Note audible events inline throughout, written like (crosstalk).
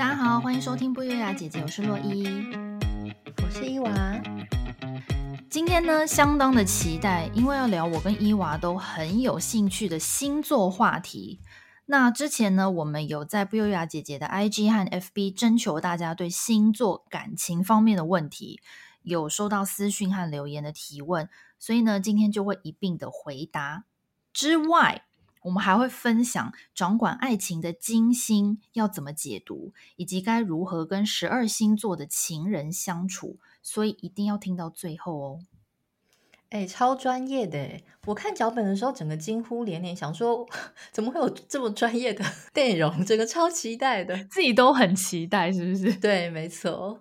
大家好，歡迎收聽不優雅姐姐，我是洛伊，我是伊娃。今天呢，相當的期待，因為要聊我跟伊娃都很有興趣的星座話題。那之前呢，我們有在不優雅姐姐的 IG 和 FB 徵求大家對星座感情方面的問題，有收到私訊和留言的提問，所以呢，今天就會一併的回答之外。我們還會分享掌管愛情的金星要怎麼解讀，以及該如何跟十二星座的情人相處，所以一定要聽到最後哦！哎、欸，超專業的！我看腳本的時候，整個驚呼連連，想說怎麼會有這麼專業的內容？整個超期待的，自己都很期待，是不是？對，沒錯。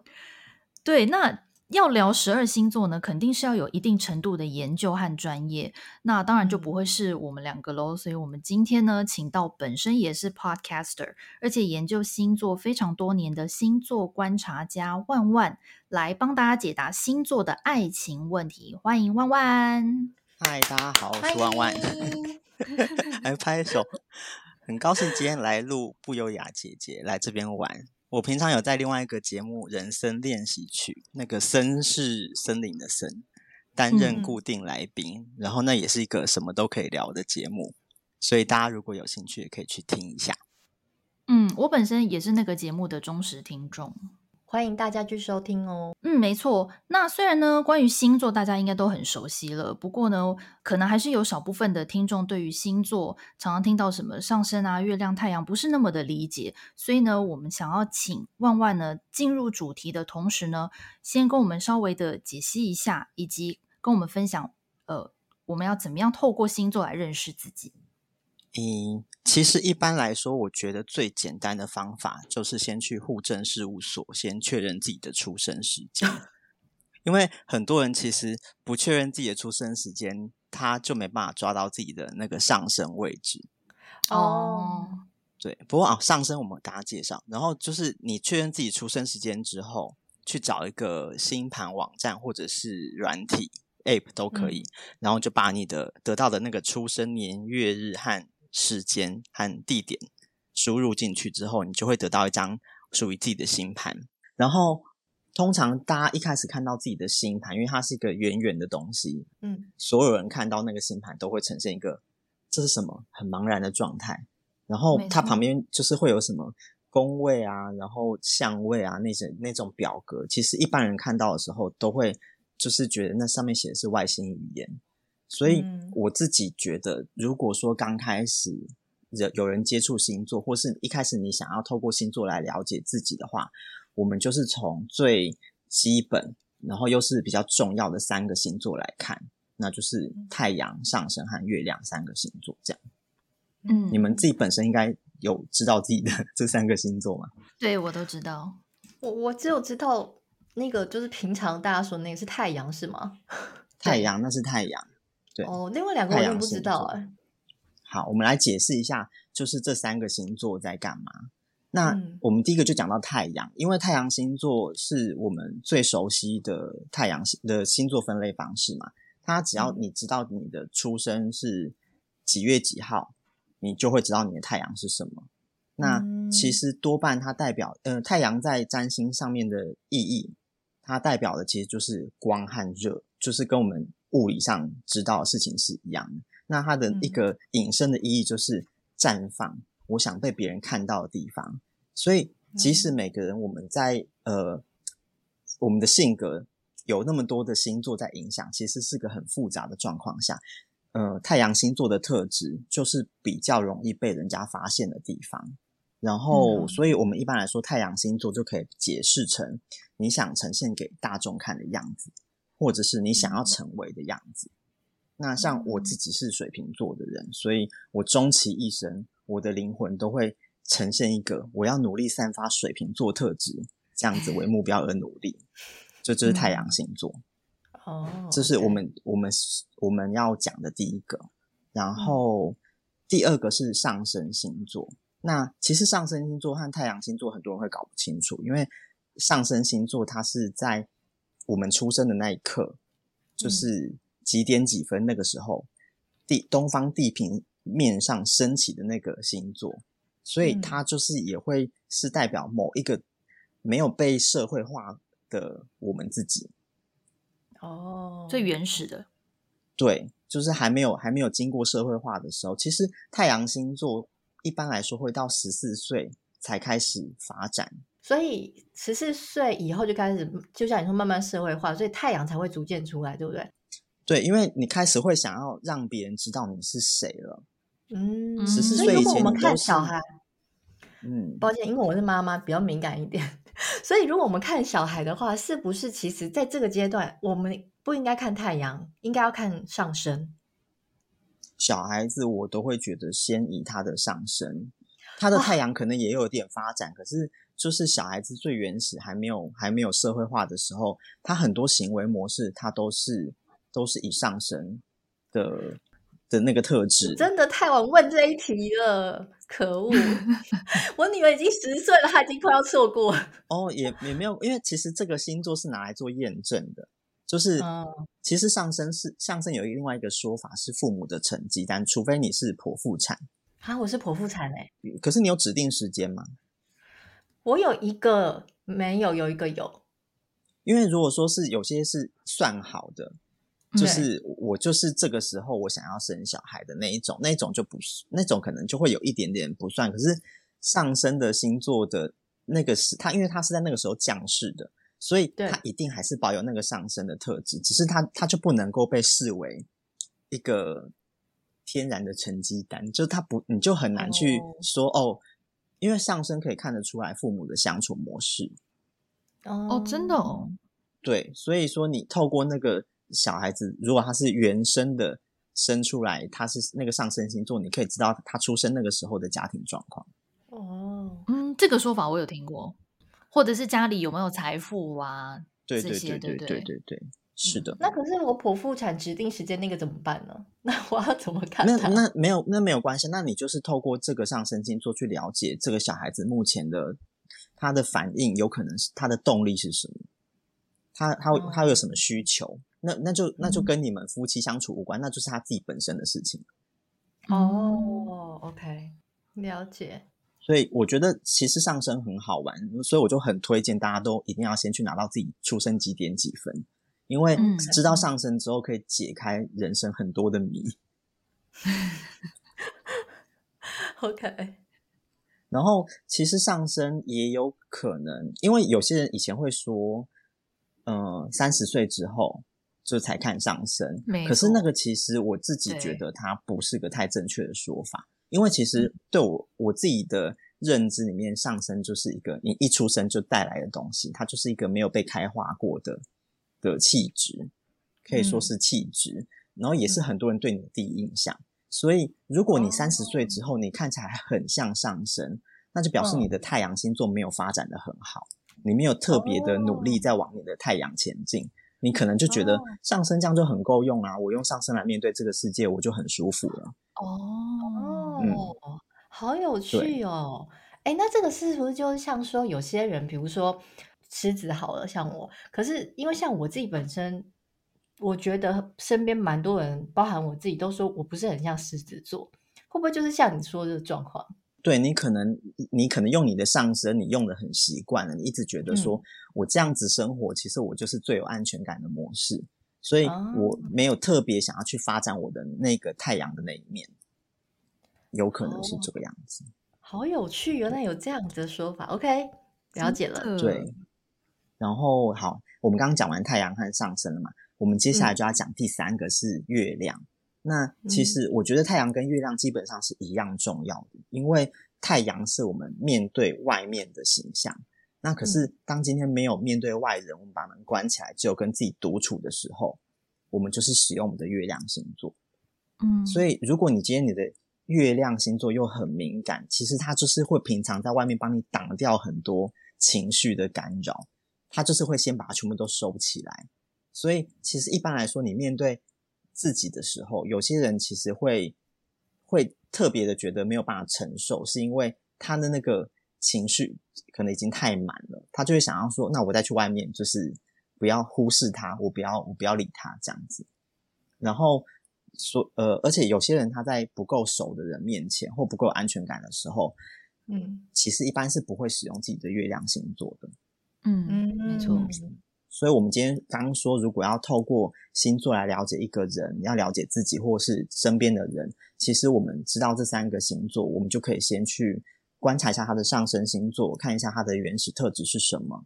對，那。要聊十二星座呢，肯定是要有一定程度的研究和專業。那當然就不會是我們兩個嘍。所以，我們今天呢，請到本身也是 podcaster，而且研究星座非常多年的星座觀察家萬萬來幫大家解答星座的愛情問題。歡迎萬萬！嗨，大家好，我是萬萬。來 Hi (laughs) 拍手！很高興今天來錄不優雅姐姐，來這邊玩。我平常有在另外一個節目《人生練習曲》，那個森是森林的森，擔任固定來賓。嗯、然後那也是一個什麼都可以聊的節目，所以大家如果有興趣也可以去聽一下。嗯，我本身也是那個節目的忠實聽眾。歡迎大家去收聽哦。嗯，沒錯。那雖然呢，關於星座大家應該都很熟悉了，不過呢，可能還是有少部分的聽眾對於星座常常聽到什麼上升啊、月亮、太陽不是那麼的理解，所以呢，我們想要請萬萬呢進入主題的同時呢，先跟我們稍微的解析一下，以及跟我們分享，呃，我們要怎麼樣透過星座來認識自己。嗯，其實一般來說，我覺得最簡單的方法就是先去戶政事務所先確認自己的出生時間， (laughs) 因為很多人其實不確認自己的出生時間，他就沒辦法抓到自己的那個上升位置。哦，對，不過啊，上升我們給大家介紹，然後就是你確認自己出生時間之後，去找一個星盤網站或者是軟體 App 都可以，嗯、然後就把你的得到的那個出生年月日和時間和地點輸入進去之後，你就會得到一張屬於自己的星盤。然後，通常大家一開始看到自己的星盤，因為它是一個圓圓的東西，嗯，所有人看到那個星盤都會呈現一個這是什麼很茫然的狀態。然後它旁邊就是會有什麼宮位啊，然後相位啊那些那種表格，其實一般人看到的時候都會就是覺得那上面寫的是外星語言。所以我自己覺得，如果說剛開始有有人接觸星座，或是一開始你想要透過星座來了解自己的話，我們就是從最基本，然後又是比較重要的三個星座來看，那就是太陽、上升和月亮三個星座，這樣。嗯，你們自己本身應該有知道自己的這三個星座嗎？對，我都知道。我我只有知道那個就是平常大家說那個是太陽，是嗎？太陽，那是太陽。對哦，另外兩個我也不知道哎、啊。好，我們來解釋一下，就是這三個星座在幹嘛。那我們第一個就講到太陽，因為太陽星座是我們最熟悉的太陽的星座分類方式嘛。它只要你知道你的出生是幾月幾號，你就會知道你的太陽是什麼。那其實多半它代表，呃，太陽在占星上面的意義，它代表的其實就是光和熱，就是跟我們。物理上知道的事情是一樣的，那它的一個引申的意義就是綻放。我想被別人看到的地方，所以即使每個人我們在呃我們的性格有那麼多的星座在影響，其實是個很複雜的狀況下。呃，太陽星座的特質就是比較容易被人家發現的地方，然後所以我們一般來說太陽星座就可以解釋成你想呈現給大眾看的樣子。或者是你想要成為的樣子。那像我自己是水瓶座的人,所以我終其一生，我的靈魂都會呈現一個我要努力散發水瓶座特質，這樣子為目標而努力。這就，就是太陽星座哦，嗯、這是我們我們我們要講的第一個。然後、嗯、第二個是上升星座。那其實上升星座和太陽星座很多人會搞不清楚，因為上升星座它是在。我們出生的那一刻，就是幾點幾分，那個時候，地東方地平面上升起的那個星座，所以它就是也會是代表某一個沒有被社會化的我們自己。哦、嗯，最原始的，對，就是還沒有還沒有經過社會化的時候。其實太陽星座一般來說會到十四歲才開始發展。所以十四歲以後就開始，就像你說，慢慢社會化，所以太陽才會逐漸出來，對不對？對，因為你開始會想要讓別人知道你是誰了。嗯，十四歲以前都是。看小孩，嗯，抱歉，因為我是媽媽，比較敏感一點。 (laughs) 所以，如果我們看小孩的話，是不是其實在這個階段，我們不應該看太陽，應該要看上升？小孩子我都會覺得先以他的上升，他的太陽可能也有點發展，哇可是。就是小孩子最原始還沒有還沒有社會化的時候，他很多行為模式，他都是都是以上升的的那個特質。真的太晚問這一題了，可惡！ (laughs) 我女兒已經十歲了，她已經快要錯過。哦，也也沒有，因為其實這個星座是拿來做驗證的，就是、呃、其實上升是上升有另外一個說法是父母的成績單，但除非你是剖腹產啊，我是剖腹產哎、欸，可是你有指定時間嗎？我有一個沒有，有一個有，因為如果說是有些是算好的，對就是我就是這個時候我想要生小孩的那一種，那種就不是，那種可能就會有一點點不算。可是上升的星座的那個是他，因為他是在那個時候降世的，所以他一定還是保有那個上升的特質，對只是他，他就不能夠被視為一個天然的成績單，就他不，你就很難去說哦。哦因為上升可以看得出來父母的相處模式，哦，真的哦、嗯，對，所以說你透過那個小孩子，如果他是原生的生出來，他是那個上升星座，你可以知道他出生那個時候的家庭狀況。哦，嗯，這個說法我有聽過，或者是家裡有沒有財富啊，對對對對對對對。是的、嗯，那可是我剖腹產指定時間那個怎麼辦呢？那我要怎麼看，看那？那那沒有，那沒有關係。那你就是透過這個上升星座去了解這個小孩子目前的他的反應，有可能是他的動力是什麼，他他、哦、他有什麼需求？那那就那就跟你們夫妻相處無關，嗯、那就是他自己本身的事情。哦、嗯、OK，了解。所以我覺得其實上升很好玩，所以我就很推薦大家都一定要先去拿到自己出生幾點幾分，因為知道上升之後，可以解開人生很多的謎。好可愛。然後其實上升也有可能，因為有些人以前會說，嗯，三十歲之後就才看上升。可是那個其實我自己覺得它不是個太正確的說法，因為其實對我我自己的認知裡面，上升就是一個你一出生就帶來的東西，它就是一個沒有被開化過的。的氣質可以說是氣質，嗯、然後也是很多人對你的第一印象。嗯、所以，如果你三十歲之後你看起來很像上升，那就表示你的太陽星座沒有發展得很好，哦、你沒有特別的努力在往你的太陽前進，哦、你可能就覺得上升這樣就很夠用啊！我用上升來面對這個世界，我就很舒服了。哦，嗯、好有趣哦！哎對，那這個是不是就是像說有些人，比如說。獅子好了，像我，可是因為像我自己本身，我覺得身邊蠻多人，包含我自己，都說我不是很像獅子座，會不會就是像你說的這個狀況？對，你可能，你可能用你的上升，你用的很習慣了，你一直覺得說、嗯、我這樣子生活，其實我就是最有安全感的模式，所以我沒有特別想要去發展我的那個太陽的那一面，有可能是這個樣子、哦。好有趣、哦，原來有這樣子的說法。對 OK，了解了，嗯、對。然後好，我們剛剛講完太陽和上升了嘛？我們接下來就要講第三個是月亮。嗯、那其實我覺得太陽跟月亮基本上是一樣重要的，嗯、因為太陽是我們面對外面的形象。那可是當今天沒有面對外人，嗯、我們把門關起來，只有跟自己獨處的時候，我們就是使用我們的月亮星座。嗯，所以如果你今天你的月亮星座又很敏感，其實它就是會平常在外面幫你擋掉很多情緒的干擾。他就是會先把它全部都收起來，所以其實一般來說，你面對自己的時候，有些人其實會會特別的覺得沒有辦法承受，是因為他的那個情緒可能已經太滿了，他就會想要說：“那我再去外面，就是不要忽視他，我不要，我不要理他這樣子。”然後說：“呃，而且有些人他在不夠熟的人面前或不夠安全感的時候，嗯，其實一般是不會使用自己的月亮星座的。”嗯，沒錯。所以，我們今天剛剛說，如果要透過星座來了解一個人，要了解自己或是身邊的人，其實我們知道這三個星座，我們就可以先去觀察一下他的上升星座，看一下他的原始特質是什麼，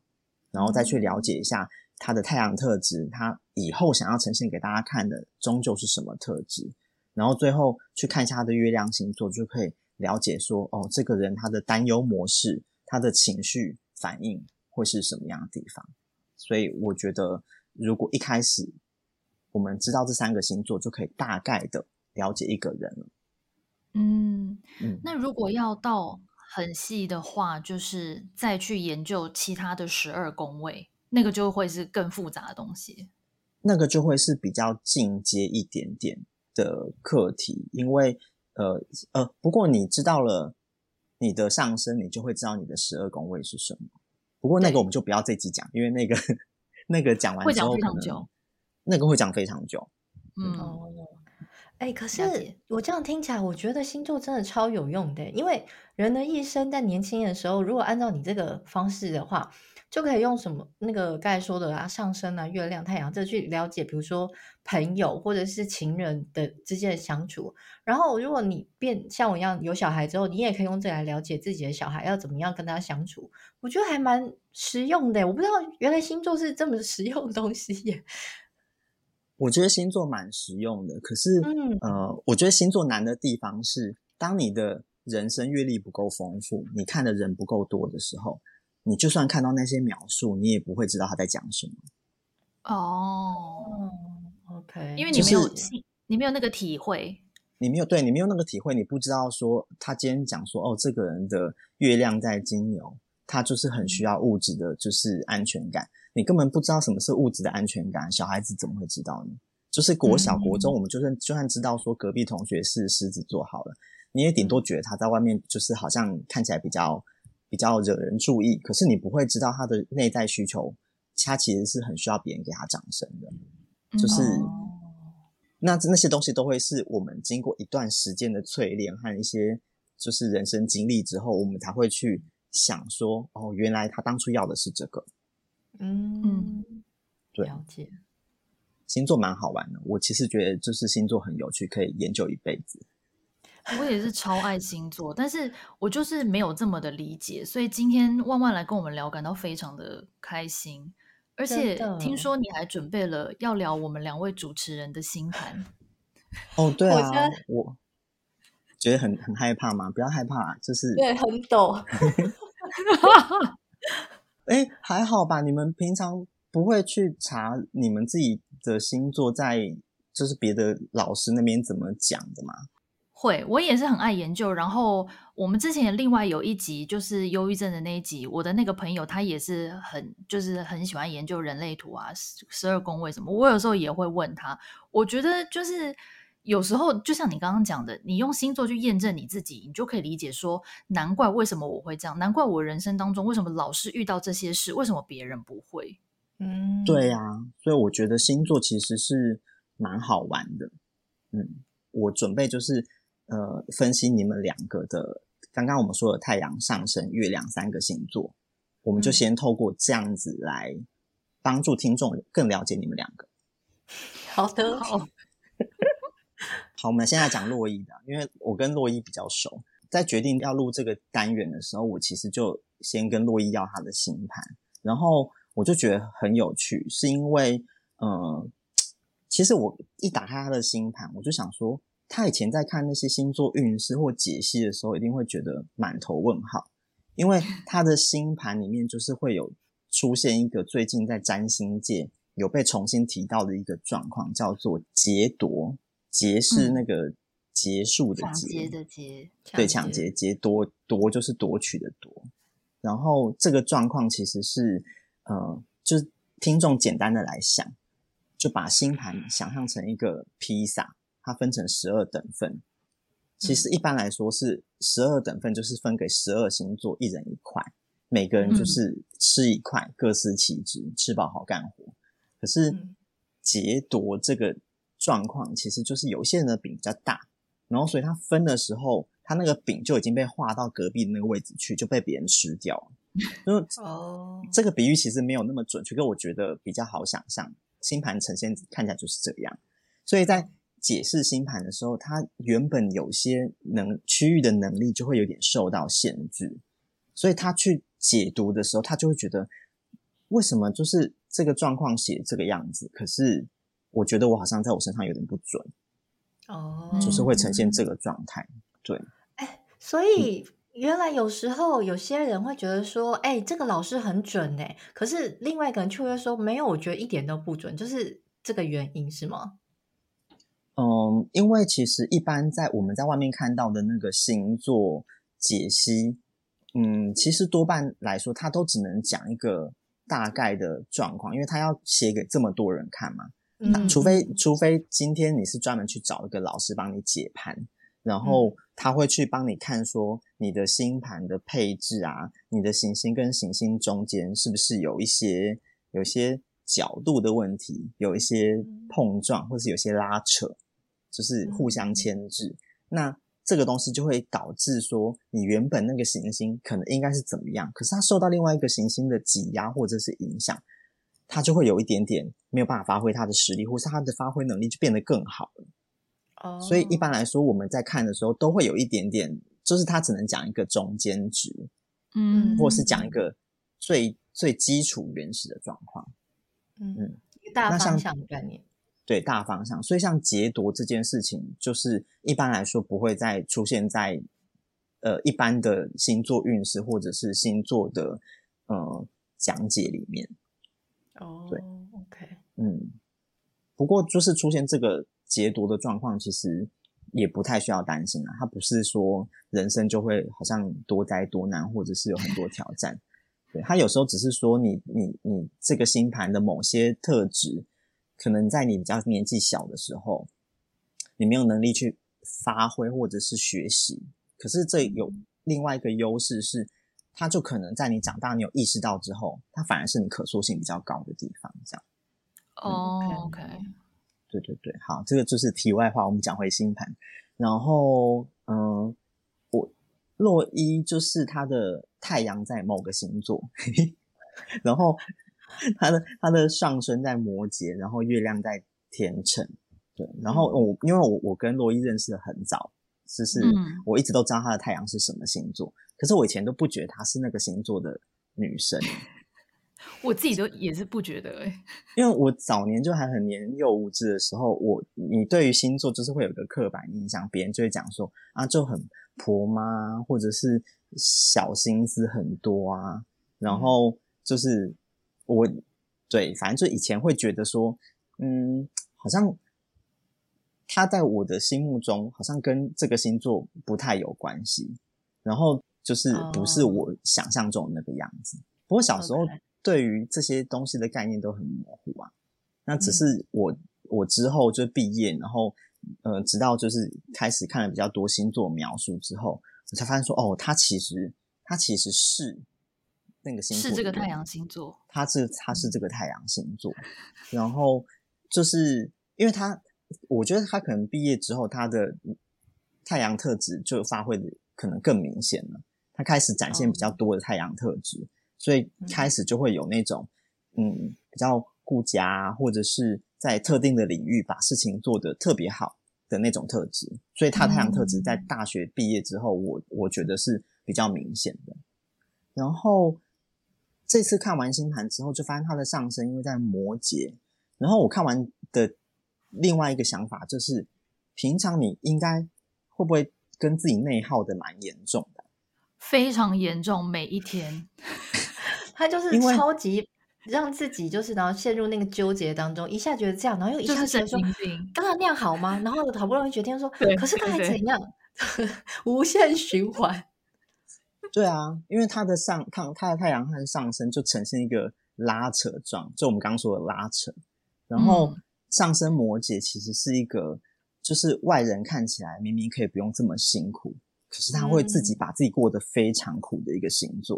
然後再去了解一下他的太陽特質，他以後想要呈現給大家看的，終究是什麼特質，然後最後去看一下他的月亮星座，就可以了解說，哦，這個人他的擔憂模式，他的情緒反應，會是什麼樣的地方？所以我覺得，如果一開始我們知道這三個星座，就可以大概的了解一個人了。嗯，嗯，那如果要到很細的話，就是再去研究其他的十二宮位，那個就會是更複雜的東西。那個就會是比較進階一點點的課題，因為呃呃，不過你知道了你的上升，你就會知道你的十二宮位是什麼。不過那個我們就不要這集講，對因為那個那個講完之後可能會講非常久，那個會講非常久。嗯哎，欸、可是我這樣聽起來，我覺得星座真的超有用的，欸。因為人的一生在年輕的時候，如果按照你這個方式的話，就可以用什麼那個剛才說的啊，上升啊、月亮、太陽，這去了解，比如說朋友或者是情人的之間的相處。然後，如果你變像我一樣有小孩之後，你也可以用這來了解自己的小孩要怎麼樣跟他相處。我覺得還蠻實用的，欸。我不知道原來星座是這麼實用的東西耶，欸。我覺得星座蠻實用的，可是，嗯、呃，我覺得星座難的地方是，當你的人生閱歷不夠豐富，你看的人不夠多的時候，你就算看到那些描述，你也不會知道他在講什麼。哦、嗯，OK，因為你沒有、就是、你，你沒有那個體會，你沒有，對，你沒有那個體會，你不知道說他今天講說哦，這個人的月亮在金牛，他就是很需要物質的，就是安全感。嗯你根本不知道什麼是物質的安全感，小孩子怎麼會知道呢？就是國小、國中，我們就算就算知道說隔壁同學是獅子座好了，你也頂多覺得他在外面就是好像看起來比較比較惹人注意，可是你不會知道他的內在需求，他其實是很需要別人給他掌聲的。就是那那些東西都會是我們經過一段時間的淬煉和一些就是人生經歷之後，我們才會去想說，哦，原來他當初要的是這個。嗯，對了解。星座蠻好玩的，我其實覺得就是星座很有趣，可以研究一輩子。我也是超愛星座， (laughs) 但是我就是沒有這麼的理解，所以今天萬萬來跟我們聊，感到非常的開心。而且的聽說你還準備了要聊我們兩位主持人的星盤。 (laughs) 哦，對啊，我覺，我覺得很很害怕嘛，不要害怕，啊，就是對，很陡。 (laughs) (laughs) 哎，還好吧。你們平常不會去查你們自己的星座在，就是別的老師那邊怎麼講的嗎？會，我也是很愛研究。然後我們之前另外有一集就是憂鬱症的那一集，我的那個朋友他也是很，就是很喜歡研究人類圖啊，十二宮位什麼。我有時候也會問他，我覺得就是。有時候就像你剛剛講的，你用星座去驗證你自己，你就可以理解說，難怪為什麼我會這樣，難怪我人生當中為什麼老是遇到這些事，為什麼別人不會？嗯，對呀、啊，所以我覺得星座其實是蠻好玩的。嗯，我準備就是呃分析你們兩個的，剛剛我們說的太陽、上升、月亮三個星座，我們就先透過這樣子來幫助聽眾更了解你們兩個。好的，好。好，我們現在講洛伊的，因為我跟洛伊比較熟，在決定要錄這個單元的時候，我其實就先跟洛伊要他的星盤，然後我就覺得很有趣，是因為，嗯、呃，其實我一打開他的星盤，我就想說，他以前在看那些星座運勢或解析的時候，一定會覺得滿頭問號，因為他的星盤裡面就是會有出現一個最近在占星界有被重新提到的一個狀況，叫做劫奪。劫是那個結束的劫的劫，對，搶劫劫奪奪就是奪取的奪。然後這個狀況其實是，呃，就是聽眾簡單的來想，就把星盤想象成一個披薩，它分成十二等份。其實一般來說是十二等份，就是分給十二星座一人一塊，每個人就是吃一塊，各司其職，吃飽好幹活。可是劫奪這個。狀況其實就是有些人的餅比較大，然後所以他分的時候，他那個餅就已經被劃到隔壁的那個位置去，就被別人吃掉了。哦，這個比喻其實沒有那麼準確，我覺得比較好想象。星盤呈現看起來就是這樣，所以在解釋星盤的時候，他原本有些能區域的能力就會有點受到限制，所以他去解讀的時候，他就會覺得為什麼就是這個狀況寫這個樣子，可是。我覺得我好像在我身上有點不準哦，Oh. 就是會呈現這個狀態。對，欸、所以、嗯、原來有時候有些人會覺得說，哎、欸，這個老師很準哎、欸，可是另外一個人卻會說沒有，我覺得一點都不準，就是這個原因，是嗎？嗯，因為其實一般在我們在外面看到的那個星座解析，嗯，其實多半來說，他都只能講一個大概的狀況，因為他要寫給這麼多人看嘛。除非除非今天你是專門去找一個老師幫你解盤，然後他會去幫你看說你的星盤的配置啊，你的行星跟行星中間是不是有一些有一些角度的問題，有一些碰撞或是有些拉扯，就是互相牽制。嗯，那這個東西就會導致說你原本那個行星可能應該是怎麼樣，可是它受到另外一個行星的擠壓或者是影響。他就會有一點點沒有辦法發揮他的實力，或是他的發揮能力就變得更好了。哦，oh. 所以一般來說，我們在看的時候都會有一點點，就是他只能講一個中間值，嗯，mm. 或是講一個最最基礎原始的狀況，mm. 嗯，一大方向的概念像，對，對大方向。所以像劫奪這件事情，就是一般來說不會再出現在呃一般的星座運勢或者是星座的呃講解裡面。哦，對，oh，OK，嗯，不過就是出現這個劫奪的狀況，其實也不太需要擔心啊，他不是說人生就會好像多災多難，或者是有很多挑戰。 (laughs) 對，他有時候只是說你你你這個星盤的某些特質，可能在你比較年紀小的時候，你沒有能力去發揮或者是學習。可是這有另外一個優勢是。他就可能在你長大，你有意識到之後，他反而是你可塑性比較高的地方。這樣，哦、oh,，OK，對對對，好，這個就是題外話。我們講回星盤，然後，嗯、呃，我洛伊就是他的太陽在某個星座， (laughs) 然後他的他的上升在摩羯，然後月亮在天秤，對，然後我、嗯、因為我我跟洛伊認識得很早，就是我一直都知道他的太陽是什麼星座。可是我以前都不覺得她是那個星座的女生， (laughs) 我自己都也是不覺得誒，欸，因為我早年就還很年幼無知的時候，我你對於星座就是會有個刻板印象，別人就會講說啊就很婆媽，或者是小心思很多啊，然後就是我對，反正就以前會覺得說，嗯，好像她在我的心目中好像跟這個星座不太有關係，然後。就是不是我想象中的那個樣子。Oh, okay. 不過小時候對於這些東西的概念都很模糊啊。那只是我、嗯、我之後就畢業，然後呃，直到就是開始看了比較多星座描述之後，我才發現說哦，他其實他其實是那個星座是這個太陽星座，他是他是這個太陽星座。嗯、然後就是因為他，我覺得他可能畢業之後他的太陽特質就發揮的可能更明顯了。他開始展現比較多的太陽特質，哦、所以開始就會有那種，嗯、嗯，比較顧家或者是在特定的領域把事情做得特別好的那種特質。所以他太陽特質在大學畢業之後，嗯、我我覺得是比較明顯的。然後這次看完星盤之後，就發現他的上升因為在摩羯。然後我看完的另外一個想法就是，平常你應該會不會跟自己內耗的蠻嚴重？非常嚴重，每一天， (laughs) 他就是超級讓自己，就是然後陷入那個糾結當中，為一下覺得這樣，然後又一下子說，當然那樣好嗎？然後我好不容易決定說，對對對，可是他還怎樣， (laughs) 無限循環。對啊，因為他的上，他的他的太陽和上升就呈現一個拉扯狀，就我們剛剛說的拉扯。然後上升摩羯其實是一個，嗯、就是外人看起來明明可以不用這麼辛苦。可是他會自己把自己過得非常苦的一個星座，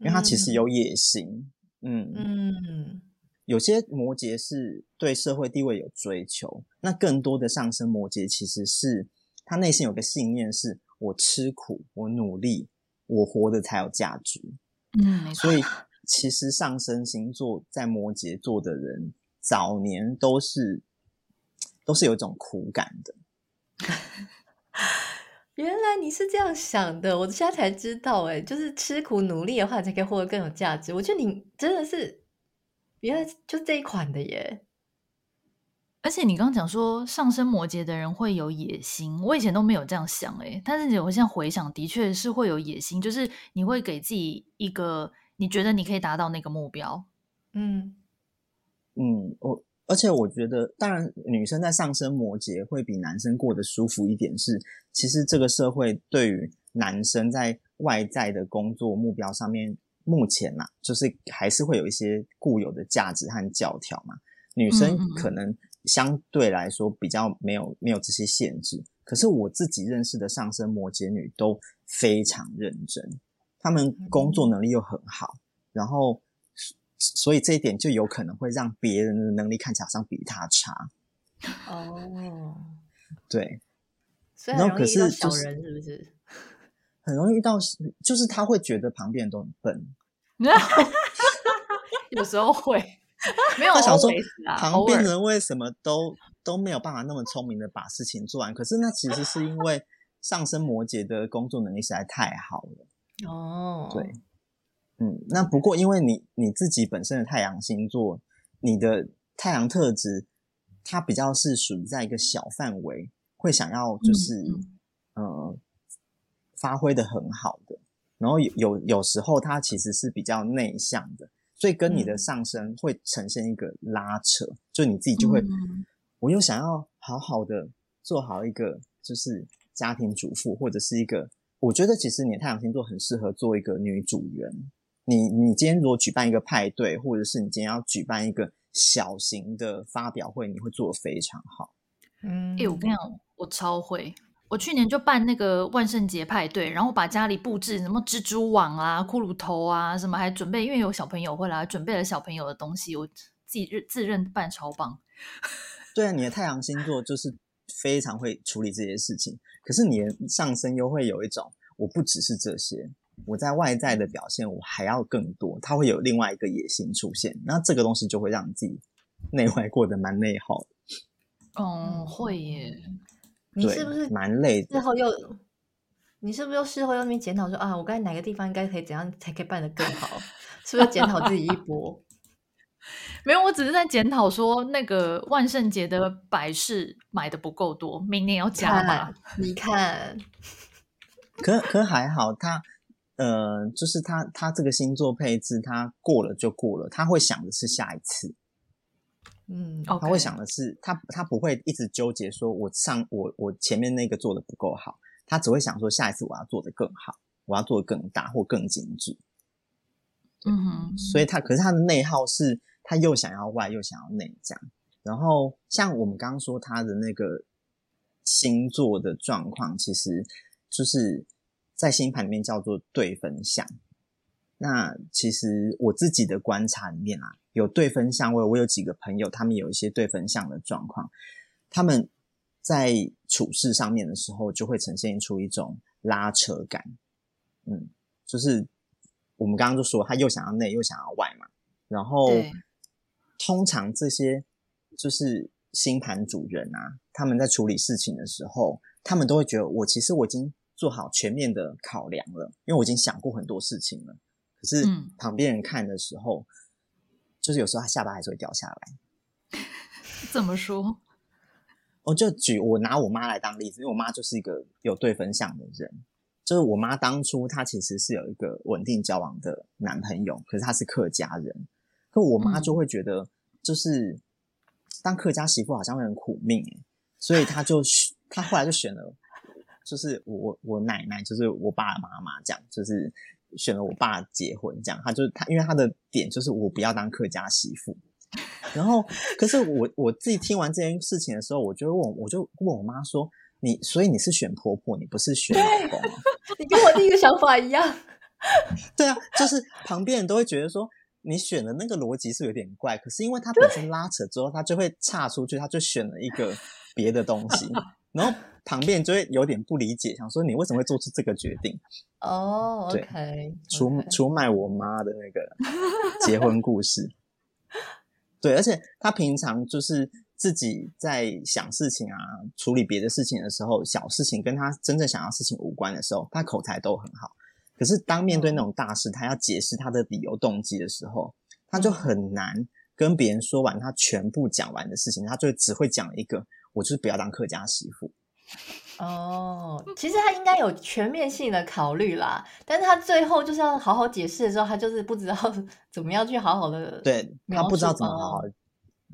嗯、因為他其實有野心。嗯嗯，嗯有些摩羯是對社會地位有追求，那更多的上升摩羯其實是他內心有個信念：是我吃苦，我努力，我活得才有價值。嗯，沒錯。所以其實上升星座在摩羯座的人早年都是都是有一種苦感的。 (laughs) 原來你是這樣想的，我現在才知道哎，就是吃苦努力的話，才可以獲得更有價值。我覺得你真的是原來就這一款的耶。而且你剛剛講說上升摩羯的人會有野心，我以前都沒有這樣想哎，但是我現在回想，的確是會有野心，就是你會給自己一個你覺得你可以達到那個目標。嗯嗯，我。而且我覺得，當然，女生在上升摩羯會比男生過得舒服一點。是，其實這個社會對於男生在外在的工作目標上面，目前嘛，就是還是會有一些固有的價值和教條嘛。女生可能相對來說比較沒有沒有這些限制。可是我自己認識的上升摩羯女都非常認真，她們工作能力又很好，然後。所以這一點就有可能會讓別人的能力看起來好像比他差。哦，oh. 對，然後很容易遇到小人，是不是？然後可是就是，很容易遇到，就是他會覺得旁邊人都很笨。有時候會，沒有 (laughs) 想說旁邊人為什麼都爾都沒有辦法那麼聰明的把事情做完？可是那其實是因為上升摩羯的工作能力實在太好了。哦，oh. 對。嗯，那不過因為你你自己本身的太陽星座，你的太陽特質，它比較是屬於在一個小範圍，會想要就是，嗯、呃，發揮的很好的。然後有有時候他其實是比較內向的，所以跟你的上升會呈現一個拉扯，嗯、就你自己就會，嗯、我又想要好好的做好一個就是家庭主婦，或者是一個，我覺得其實你的太陽星座很適合做一個女主人。你你今天如果舉辦一個派對，或者是你今天要舉辦一個小型的發表會，你會做得非常好。嗯，哎，我跟你講，我超會。我去年就辦那個萬聖節派對，然後把家裡布置什麼蜘蛛網啊、骷髏頭啊，什麼還準備，因為有小朋友會來，準備了小朋友的東西。我自己自認辦超棒。 (laughs) 對啊，你的太陽星座就是非常會處理這些事情， (laughs) 可是你的上升又會有一種我不只是這些。我在外在的表現，我還要更多，他會有另外一個野心出現，那這個東西就會讓自己內外過得蠻內耗的。哦、嗯，會耶，你是不是對蠻累的。事後又你是不是又事後又那邊檢討說啊，我該哪個地方應該可以怎樣才可以辦得更好？ (laughs) 是不是檢討自己一波？ (laughs) 沒有，我只是在檢討說那個萬聖節的擺飾買的不夠多，明年要加買。看你看，可可還好他。呃，就是他，他這個星座配置，他過了就過了，他會想的是下一次。嗯，他會想的是，Okay. 他他不會一直糾結說我上，我上我我前面那個做的不夠好，他只會想說下一次我要做的更好，我要做的更大或更精緻。嗯哼，mm hmm. 所以他可是他的內耗是，他又想要外，又想要內，這樣。然後像我們剛剛說他的那個星座的狀況，其實就是。在星盤裡面叫做對分相。那其實我自己的觀察裡面啊，有對分相位。我有幾個朋友，他們有一些對分相的狀況，他們在處事上面的時候，就會呈現出一種拉扯感。嗯，就是我們剛剛就說，他又想要內，又想要外嘛。然後通常這些就是星盤主人啊，他們在處理事情的時候，他們都會覺得，我其實我已經。做好全面的考量了，因為我已經想過很多事情了。可是旁邊人看的時候，嗯、就是有時候他下巴還是會掉下來。怎麼說？我就舉我拿我媽來當例子，因為我媽就是一個有對分相的人。就是我媽當初她其實是有一個穩定交往的男朋友，可是她是客家人，可我媽就會覺得，就是當客家媳婦好像會很苦命、欸、所以她就她後來就選了。就是我我奶奶，就是我爸媽媽，這樣就是選了我爸結婚，這樣他就是他，因為他的點就是我不要當客家媳婦。然後，可是我我自己聽完這件事情的時候，我就問，我就問我媽說：“你所以你是選婆婆，你不是選老公？” (laughs) 你跟我第一個想法一樣。對啊，就是旁邊人都會覺得說你選的那個邏輯是有點怪，可是因為他本身拉扯之後，他就會岔出去，他就選了一個別的東西，然後。旁邊就會有點不理解，想說你為什麼會做出這個決定？哦，oh, okay , okay. 對，出出賣我媽的那個結婚故事， (laughs) 對，而且他平常就是自己在想事情啊，處理別的事情的時候，小事情跟他真正想要事情無關的時候，他口才都很好。可是當面對那種大事，他要解釋他的理由動機的時候，他就很難跟別人說完他全部講完的事情，他就只會講一個：我就是不要當客家媳婦。哦，其實他應該有全面性的考慮啦，但是他最後就是要好好解釋的時候，他就是不知道怎麼樣去好好的，對他不知道怎麼好好、哦、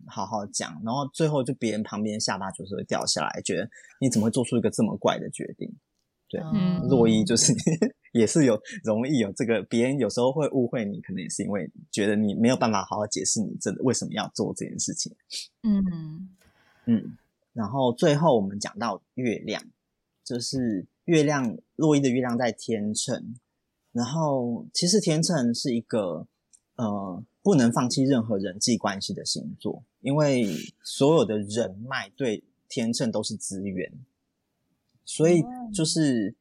好好講，然後最後就別人旁邊下巴就是會掉下來，覺得你怎麼會做出一個這麼怪的決定？對，嗯、洛伊就是也是有容易有這個，別人有時候會誤會你，可能也是因為覺得你沒有辦法好好解釋你這為什麼要做這件事情。嗯哼嗯。然後最後我們講到月亮，就是月亮，洛伊的月亮在天秤。然後其實天秤是一個呃不能放棄任何人際關係的星座，因為所有的人脈對天秤都是資源。所以就是，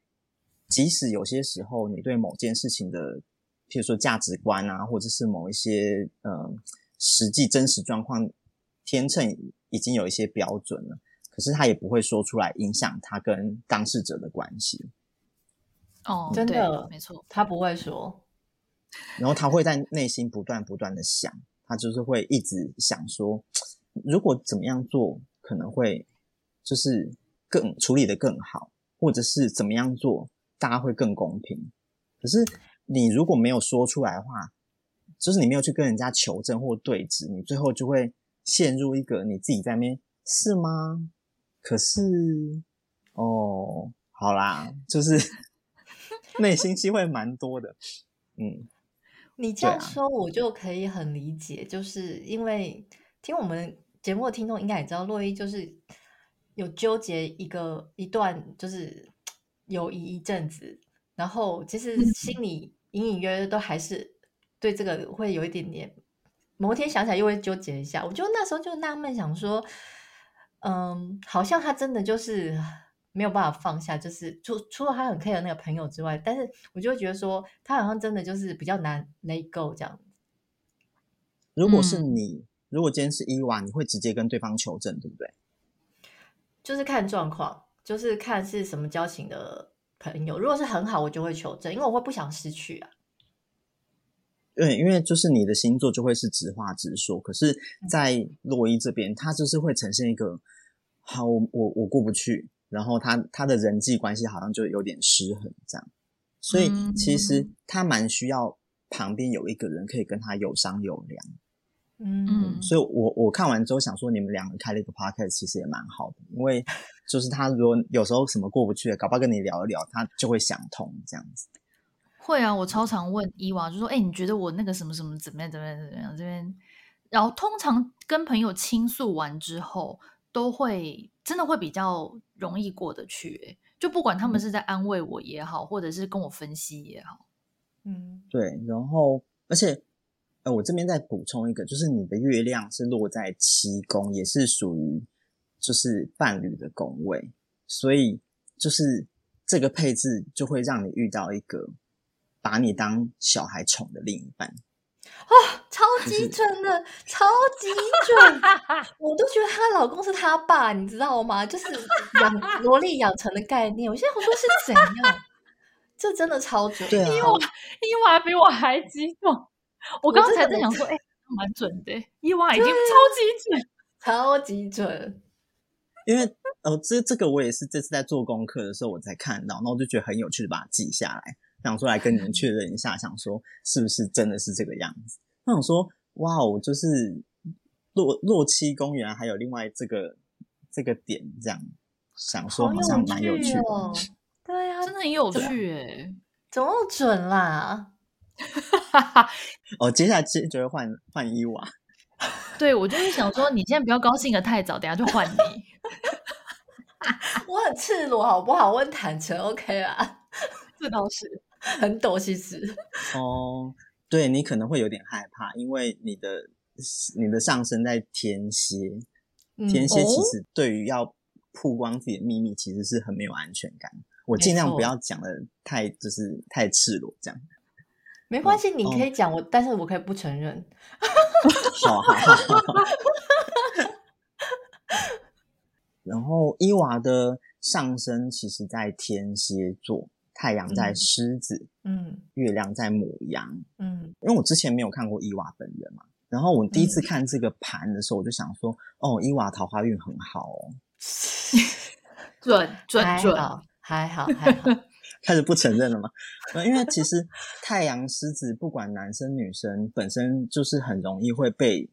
即使有些時候你對某件事情的，譬如說價值觀啊，或者是某一些呃實際真實狀況，天秤。已經有一些標準了，可是他也不會說出來，影響他跟當事者的關係。哦，真的沒錯，他不會說。然後他會在內心不斷不斷的想，他就是會一直想說，如果怎麼樣做可能會就是更處理得更好，或者是怎麼樣做大家會更公平。可是你如果沒有說出來的話，就是你沒有去跟人家求證或對峙，你最後就會。陷入一個你自己在面是嗎？可是哦，好啦，就是內心戲會蠻多的。嗯，你這樣說，我就可以很理解，啊、就是因為聽我們節目的聽眾應該也知道，洛伊就是有糾結一個一段，就是友誼一陣子，然後其實心裡隱隱約約都還是對這個會有一點點。某天想起來又會糾結一下，我就那時候就納悶想說，嗯，好像他真的就是沒有辦法放下，就是除除了他很 care 的那個朋友之外，但是我就會覺得說，他好像真的就是比較難 let go 這樣。如果是你，嗯，如果今天是伊娃，你會直接跟對方求證，對不對？就是看狀況，就是看是什麼交情的朋友。如果是很好，我就會求證，因為我會不想失去啊。對，因為就是你的星座就會是直話直說，可是，在洛伊這邊，他就是會呈現一個好，我我我過不去，然後他他的人際關係好像就有點失衡這樣，所以其實他蠻需要旁邊有一個人可以跟他有商有量。嗯，嗯，所以我我看完之後想說，你們兩個開了一個 podcast，其實也蠻好的，因為就是他如果有時候什麼過不去的，搞不好跟你聊一聊，他就會想通這樣子。會啊，我超常問伊娃，就說：“哎、欸，你覺得我那個什麼什麼怎麼樣？怎麼樣？怎麼樣？這邊。”然後通常跟朋友傾訴完之後，都會真的會比較容易過得去。哎，就不管他們是在安慰我也好，或者是跟我分析也好，嗯，對。然後，而且、呃，我這邊再補充一個，就是你的月亮是落在七宮，也是屬於就是伴侶的宮位，所以就是這個配置就會讓你遇到一個。把你當小孩寵的另一半，哦、超級準的，是超級準，我都覺得她老公是她爸，你知道嗎？就是養蘿 (laughs) 莉養成的概念。我現在想說，是怎樣？ (laughs) 這真的超準。伊娃、啊，伊娃比我還激動。我剛才在想說，哎、這個，蠻、欸、準的。伊娃已經超級準，超級準。 (laughs) 因為哦、呃，這這個我也是這次在做功課的時候，我才看到，然後我就覺得很有趣的，把它記下來。想出來跟你們確認一下，想說是不是真的是這個樣子？他想說，哇哦，就是洛洛溪公園還有另外這個這個點，這樣想說好像蠻有趣的，趣哦、對呀、啊，真的很有趣哎，對怎麼那麼準啦？哈哈！哦，接下來接就會換換伊娃。衣物啊、 (laughs) 對我就是想說，你現在不要高興得太早，等下就換你。 (laughs) 我很赤裸好不好？我很坦誠，OK 啦。這 (laughs) 倒是。很陡，其實。哦、oh,，對你可能會有點害怕，因為你的你的上升在天蠍，天蠍其實對於要曝光自己的秘密，其實是很沒有安全感。錯我尽量不要講得太就是太赤裸這樣。沒關係，oh, 你可以講我，oh. 但是我可以不承認。 (laughs) oh, (laughs) 然後伊娃的上升其實在天蠍座。太陽在獅子，嗯，月亮在牡羊，嗯，因為我之前沒有看過伊娃本人嘛，然後我第一次看這個盤的時候，我就想說，嗯、哦，伊娃桃花運很好哦， (laughs) 準準準，還好還好，開始不承認了嗎？ (laughs) 因為其實太陽獅子不管男生女生，本身就是很容易會被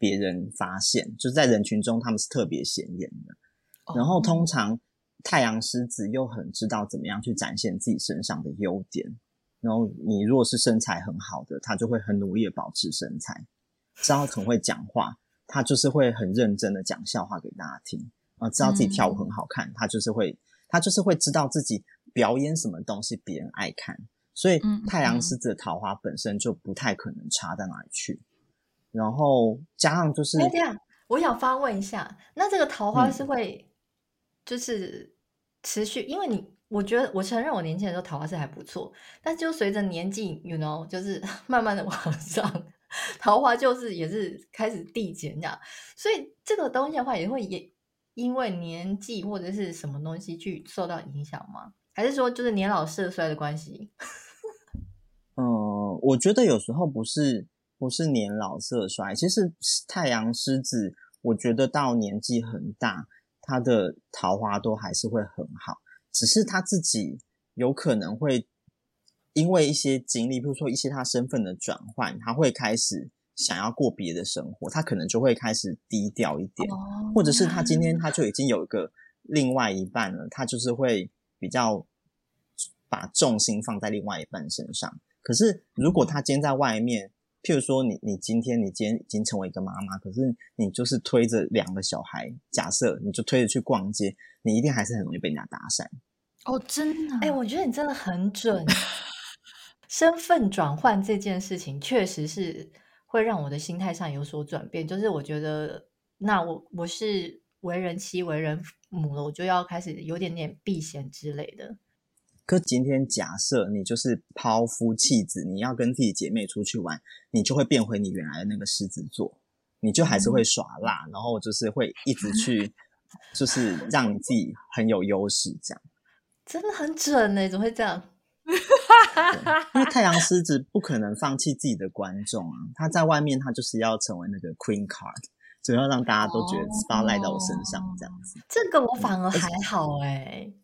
別人發現，就是、在人群中他們是特別顯眼的，哦、然後通常，太陽獅子又很知道怎麼樣去展現自己身上的優點，然後你若是身材很好的，他就會很努力地保持身材。知道很會講話，他就是會很認真的講笑話給大家聽啊。知道自己跳舞很好看，嗯、他就是會，他就是會知道自己表演什麼東西別人愛看，所以太陽獅子的桃花本身就不太可能差到哪裡去。然後加上就是那這樣、欸，我想發問一下，那這個桃花是會、嗯、就是。持續，因為你，我覺得，我承認，我年輕的時候桃花是還不錯，但是就隨着年紀，你 you know，就是慢慢的往上，桃花就是也是開始遞減這樣，所以這個東西的話，也會也因為年紀或者是什麼東西去受到影響嗎？還是說就是年老色衰的關係？嗯，我覺得有時候不是不是年老色衰，其實太陽獅子，我覺得到年紀很大。他的桃花都還是會很好，只是他自己有可能會因為一些經歷，比如說一些他身份的轉換，他會開始想要過別的生活，他可能就會開始低調一點，Oh, okay. 或者是他今天他就已經有一個另外一半了，他就是會比較把重心放在另外一半身上。可是如果他今天在外面，嗯譬如說你，你你今天你今天已經成為一個媽媽，可是你就是推着兩個小孩，假設你就推着去逛街，你一定還是很容易被人家搭訕。哦，真的、啊？哎、欸，我覺得你真的很準。 (laughs) 身份轉換這件事情，確實是會讓我的心態上有所轉變。就是我覺得，那我我是為人妻、為人母了，我就要開始有點點避嫌之類的。可今天假設你就是拋夫棄子，你要跟自己姐妹出去玩，你就會變回你原來的那個獅子座，你就還是會耍賴，然後就是會一直去，就是讓你自己很有優勢，這樣真的很準呢、欸？怎麼會這樣？因為太陽獅子不可能放棄自己的觀眾啊，他在外面他就是要成為那個 Queen Card，只要讓大家都覺得 Spotlight、哦、到我身上這樣子。這個我反而還好哎、欸。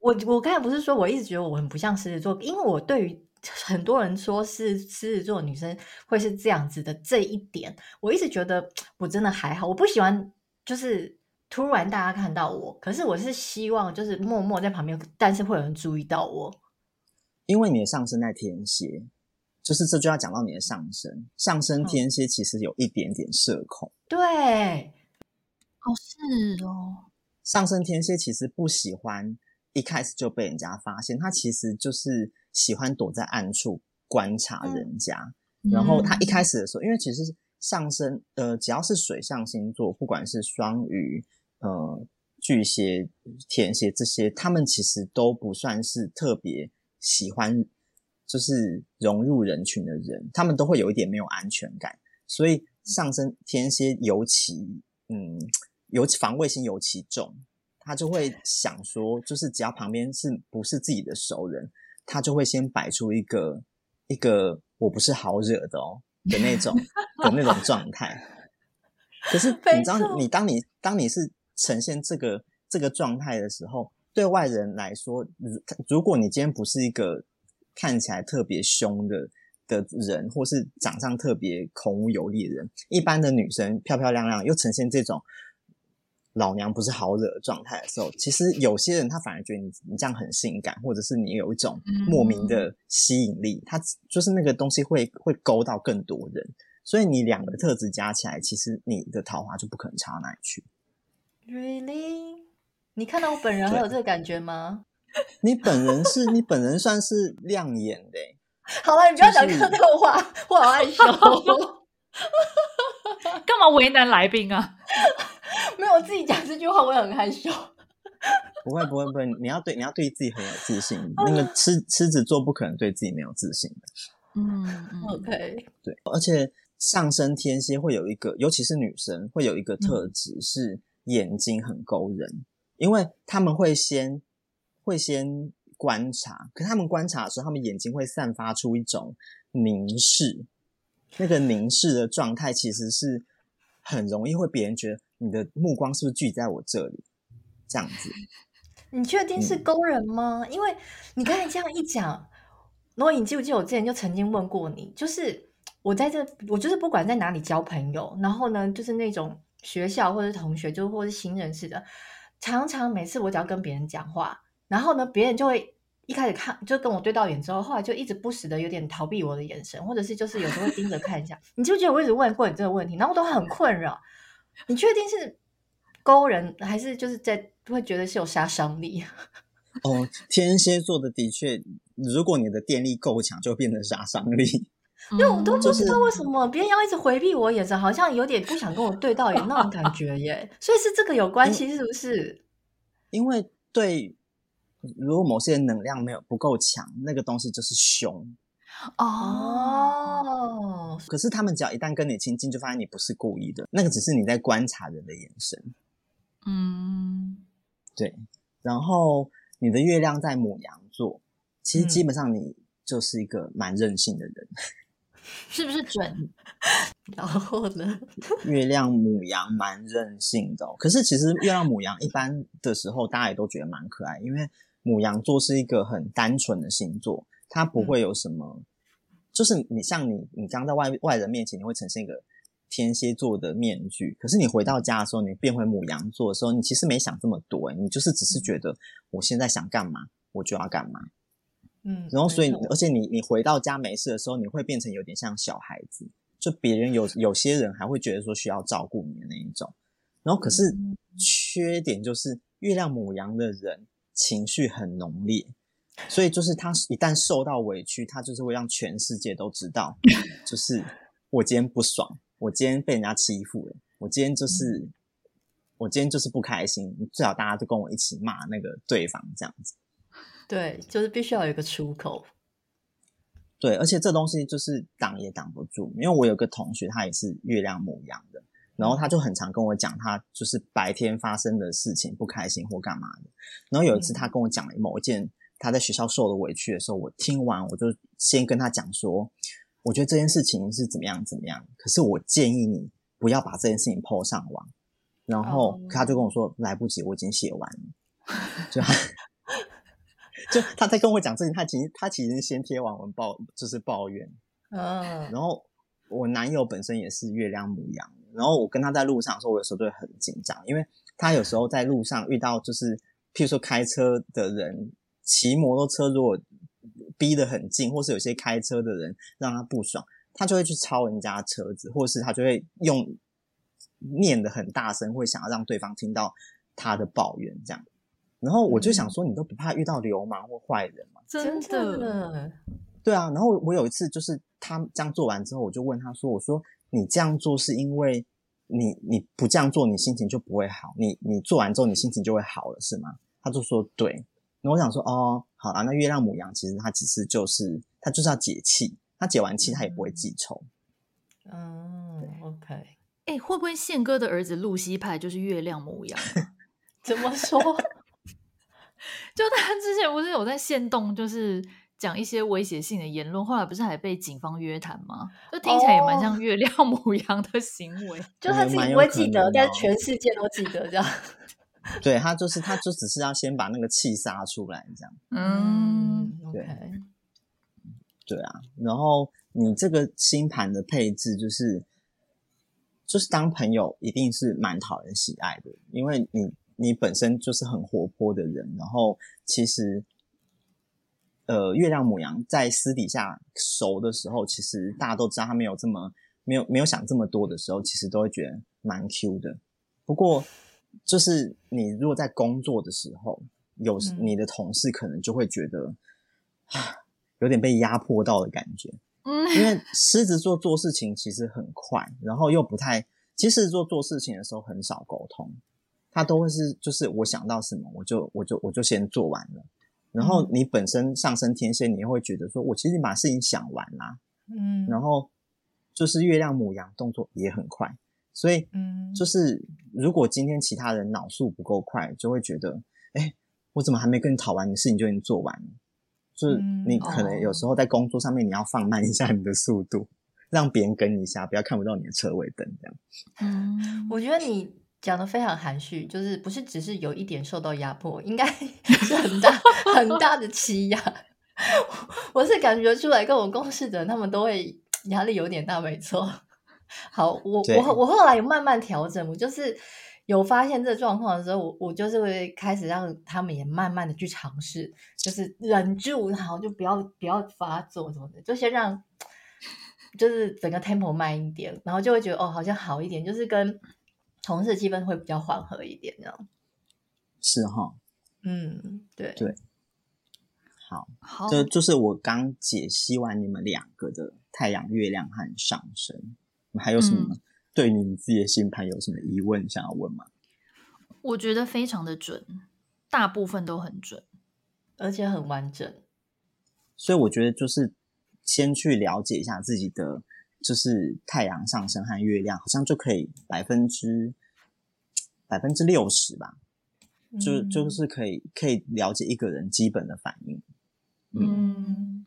我我剛才不是說，我一直覺得我很不像獅子座，因為我對於很多人說，是獅子座女生會是這樣子的這一點，我一直覺得我真的還好。我不喜歡就是突然大家看到我，可是我是希望就是默默在旁邊，但是會有人注意到我。因為你的上升在天蠍，就是這就要講到你的上升，上升天蠍其實有一點點社恐。嗯。對，哦是哦，上升天蠍其實不喜歡。一開始就被人家發現，他其實就是喜歡躲在暗處觀察人家。嗯、然後他一開始的時候，因為其實上升呃，只要是水象星座，不管是雙魚、呃巨蟹、天蠍這些，他們其實都不算是特別喜歡就是融入人群的人，他們都會有一點沒有安全感，所以上升天蠍尤其嗯，尤其防衛心尤其重。他就會想說，就是只要旁邊是不是自己的熟人，他就會先擺出一個一個我不是好惹的哦的那種的那種狀態。 (laughs) 可是你知道，錯你當你當你是呈現這個這個狀態的時候，對外人來說，如果你今天不是一個看起來特別凶的的人，或是長相特別孔武有力的人，一般的女生漂漂亮亮又呈現這種。老娘不是好惹的狀態的時候，其實有些人他反而覺得你你這樣很性感，或者是你有一種莫名的吸引力，他、嗯、就是那個東西會會勾到更多人，所以你兩個特質加起來，其實你的桃花就不可能差到哪裡去。Really？你看到我本人還有這個感覺嗎？你本人是你本人算是亮眼的。好了，你不要講更多話，我好害羞。 (laughs) (laughs) 幹嘛為難來賓啊？ (laughs) 沒有，自己講這句話，我會很害羞 (laughs) 。不會，不會，不會。你要對，你要對自己很有自信。那個獅獅子座不可能對自己沒有自信。嗯 (laughs) ，OK。對，而且上升天蠍會有一個，尤其是女生會有一個特質是眼睛很勾人，嗯、因為他們會先會先觀察，可是他們觀察的時候，他們眼睛會散發出一種凝視。那個凝視的狀態其實是很容易會別人覺得你的目光是不是聚在我這裡這樣子？你確定是勾人嗎？嗯、因為你剛才這樣一講，如果唉你記不記得，我之前就曾經問過你，就是我在這，我就是不管在哪裡交朋友，然後呢，就是那種學校或者同學，就或是新認識的，常常每次我只要跟別人講話，然後呢，別人就會。一開始看就跟我對到眼，之後後來就一直不時的有點逃避我的眼神，或者是就是有時候會盯着看一下。 (laughs) 你記不記得我一直問過你這個問題？然後我都很困擾。你確定是勾人，還是就是在會覺得是有殺傷力？ (laughs) 哦，天蠍座的的確，如果你的電力夠強，就變成殺傷力。因為 (laughs) 我都不知道為什麼別人要一直回避我眼神，好像有點不想跟我對到眼那種感覺耶。 (laughs) 所以是這個有關係，是不是？因為，因為對。如果某些能量沒有不夠強，那個東西就是凶哦。可是他們只要一旦跟你親近，就發現你不是故意的，那個只是你在觀察人的眼神。嗯，對。然後你的月亮在牡羊座，其實基本上你就是一個蠻任性的人，嗯、 (laughs) 是不是準？然後呢，月亮牡羊蠻任性的，哦，可是其實月亮牡羊一般的時候，大家也都覺得蠻可愛，因為。牡羊座是一個很單純的星座，它不會有什麼，嗯、就是你像你，你將在外外人面前，你會呈現一個天蠍座的面具，可是你回到家的時候，你變回牡羊座的時候，你其實沒想這麼多，你就是只是覺得、嗯、我現在想幹嘛，我就要幹嘛，嗯，然後所以，嗯、而且你你回到家沒事的時候，你會變成有點像小孩子，就別人有有些人還會覺得說需要照顧你的那一種，然後可是缺點就是月亮牡羊的人，情緒很濃烈，所以就是他一旦受到委屈，他就是會讓全世界都知道，就是我今天不爽，我今天被人家欺負了，我今天就是、嗯、我今天就是不開心，最好大家都跟我一起罵那個對方，這樣子。對，就是必須要有一個出口。對，而且這東西就是擋也擋不住，因為我有個同學，他也是月亮牡羊。然後他就很常跟我講，他就是白天發生的事情不開心或幹嘛的。然後有一次他跟我講了某一件他在學校受的委屈的時候，我聽完我就先跟他講說，我覺得這件事情是怎麼樣怎麼樣，可是我建議你不要把這件事情 po 上網。然後他就跟我說、oh. 來不及，我已經寫完了，就他， (laughs) (laughs) 就他在跟我講這些，他其實他其實先貼完文抱，就是抱怨、oh. 嗯、然後我男友本身也是月亮牡羊。然後我跟他在路上的時候，我有時候就會很緊張，因為他有時候在路上遇到，就是譬如說開車的人、騎摩托車，如果逼得很近，或是有些開車的人讓他不爽，他就會去抄人家車子，或是他就會用念的很大聲，會想要讓對方聽到他的抱怨這樣。然後我就想說，你都不怕遇到流氓或壞人嗎？真的？對啊。然後我有一次就是他這樣做完之後，我就問他說：“我說。”你這樣做是因為你你不這樣做，你心情就不會好。你你做完之後，你心情就會好了，是嗎？他就說對。那我想說哦，好啦，啊。那月亮牡羊其實他只是就是他就是要解氣，他解完氣他也不會記仇。嗯，對嗯，OK，哎、欸，會不會憲哥的兒子露西派就是月亮牡羊？ (laughs) 怎麼說？就他之前不是有在限動就是？講一些威脅性的言論，後來不是還被警方約談嗎？就聽起來也蠻像月亮牡羊的行為，哦、就他自己不會記得，但全世界都記得這樣。嗯、 (laughs) 對他就是，他就只是要先把那個氣撒出來，這樣。嗯，對，okay 對啊。然後你這個星盤的配置，就是就是當朋友一定是蠻討人喜愛的，因為你你本身就是很活潑的人，然後其實。呃，月亮牡羊在私底下熟的時候，其實大家都知道他沒有這麼沒有沒有想這麼多的時候，其實都會覺得蠻 Q 的。不過，就是你如果在工作的時候，有你的同事可能就會覺得啊、嗯，有點被壓迫到的感覺。嗯，因為獅子座做事情其實很快，然後又不太，其實做做事情的時候很少溝通，他都會是就是我想到什麼我就我就我就先做完了。然後你本身上升天蠍，你又會覺得說，我其實把事情想完啦、啊。嗯，然後就是月亮牡羊動作也很快，所以嗯，就是如果今天其他人腦速不夠快，就會覺得，哎，我怎麼還沒跟你討完，你事情就已經做完了？就是你可能有時候在工作上面，你要放慢一下你的速度，讓別人跟一下，不要看不到你的車尾燈這樣。嗯，我覺得你。講得非常含蓄，就是不是只是有一點受到壓迫，應該是很大 (laughs) 很大的欺壓。我是感覺出來跟我共事的人，他們都會壓力有點大，沒錯。好，我對我我後來有慢慢調整，我就是有發現這個狀況的時候，我我就是會開始讓他們也慢慢的去嘗試，就是忍住，然後就不要不要發作什麼的，就先讓就是整個 tempo 慢一點，然後就會覺得哦，好像好一點，就是跟。同事氣氛會比較緩和一點，這是哈吼，嗯，對對，好，好這就是我剛解析完你們兩個的太陽、月亮和上升，你還有什麼對你自己的星盤有什麼疑問想要問嗎？我覺得非常的準，大部分都很準，而且很完整，所以我覺得就是先去了解一下自己的。就是太陽上升和月亮，好像就可以百分之百分之六十吧，嗯、就就是可以可以了解一個人基本的反應。嗯，嗯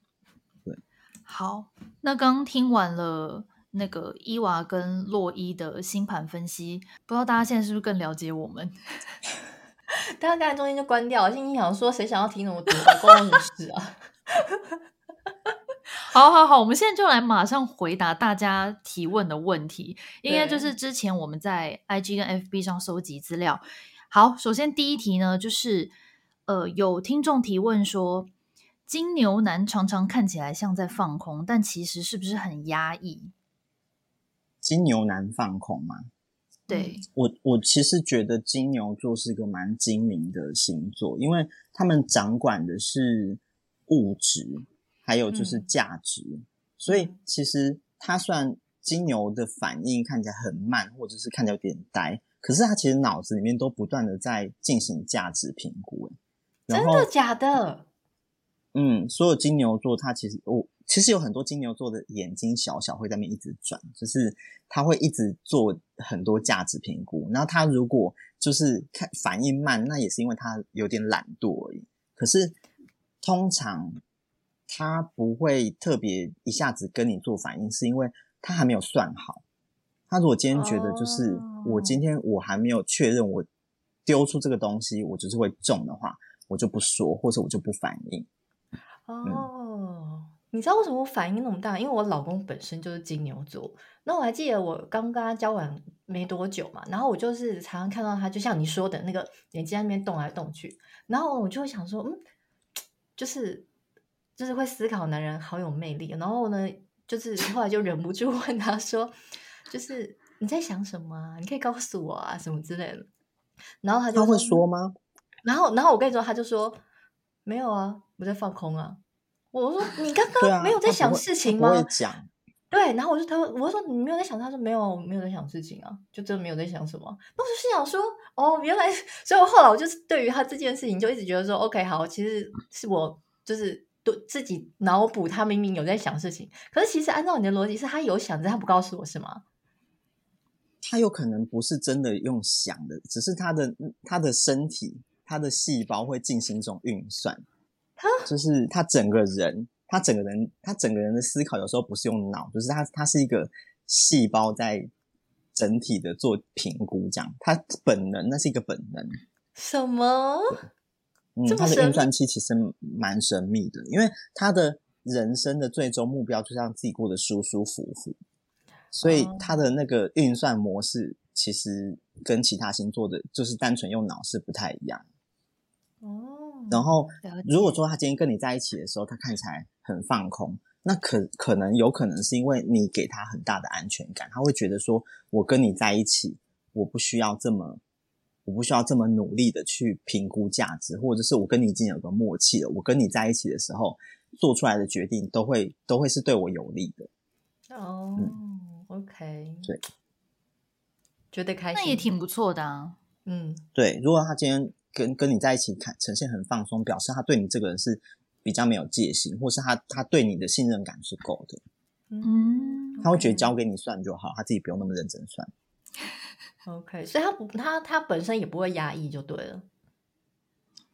對，好，那剛聽完了那個伊娃跟洛伊的星盤分析，不知道大家現在是不是更了解我們？大家 (laughs) (laughs) 中間就關掉，心裡想說誰想要聽那麼多關我什麼事啊？ (laughs) 好好好，我們現在就來馬上回答大家提問的問題。應該就是之前我們在 IG 跟 FB 上蒐集資料。好，首先第一題呢，就是呃，有聽眾提問說，金牛男常常看起來像在放空，但其實是不是很壓抑？金牛男放空嗎？對。我，我其實覺得金牛座是一個蠻精明的星座，因為他們掌管的是物質。還有就是價值，嗯、所以其實他雖然金牛的反應看起來很慢，或者是看起來有點呆，可是他其實腦子裡面都不斷地在進行價值評估。真的假的？嗯，所有金牛座，他其實我、哦、其實有很多金牛座的眼睛小小會在那邊一直轉，就是他會一直做很多價值評估。然後他如果就是看反應慢，那也是因為他有點懶惰而已。可是通常。他不會特別一下子跟你做反應，是因為他還沒有算好。他如果今天覺得就是、oh. 我今天我還沒有確認我丟出這個東西我就是會中的話，我就不說或者我就不反應。哦、oh. 嗯，你知道為什麼我反應那麼大？因為我老公本身就是金牛座，那我還記得我剛跟他交往沒多久嘛，然後我就是常常看到他，就像你說的那個眼睛那邊動來動去，然後我就會想說，嗯，就是。就是會思考，男人好有魅力，然後呢，就是後來就忍不住問他說：“就是你在想什麼啊？你可以告訴我啊，什麼之類的。”然後他就他會說嗎？然後，然後我跟你說，他就說：“沒有啊，我在放空啊。”我說：“你剛剛沒有在想事情嗎？”不會講。對，然後我就他說：“我說你沒有在想。”他說：“沒有，我沒有在想事情啊，就真的沒有在想什麼。”那我就心想說：“哦，原來。”所以我後來我就是對於他這件事情就一直覺得說：“OK，好，其實是我就是。”自己腦補，他明明有在想事情，可是其實按照你的邏輯，是他有想着，他不告訴我是嗎？他有可能不是真的用想的，只是他的他的身體、他的細胞會進行這種運算，他？就是他整個人、他整個人、他整個人的思考有時候不是用腦，就是他他是一個細胞在整體的做評估，這樣，他本能，那是一個本能，什麼？嗯，他的運算器其實蠻神秘的，因為他的人生的最終目標就是讓自己過得舒舒服服，所以他的那個運算模式其實跟其他星座的，就是單純用腦是不太一樣。哦、嗯。然後，解如果說他今天跟你在一起的時候，他看起來很放空，那可可能有可能是因為你給他很大的安全感，他會覺得說，我跟你在一起，我不需要這麼。我不需要這麼努力的去評估價值，或者是我跟你已經有個默契了。我跟你在一起的時候，做出來的決定都會都會是對我有利的。哦，嗯，OK，對，覺得開心，那也挺不錯的啊。嗯，對，如果他今天跟跟你在一起呈現很放鬆，表示他對你這個人是比較沒有戒心，或是他他對你的信任感是夠的。嗯、Mm-hmm. Okay. 他會覺得交給你算就好，他自己不用那麼認真算。OK，所以他不他他本身也不會壓抑，就對了。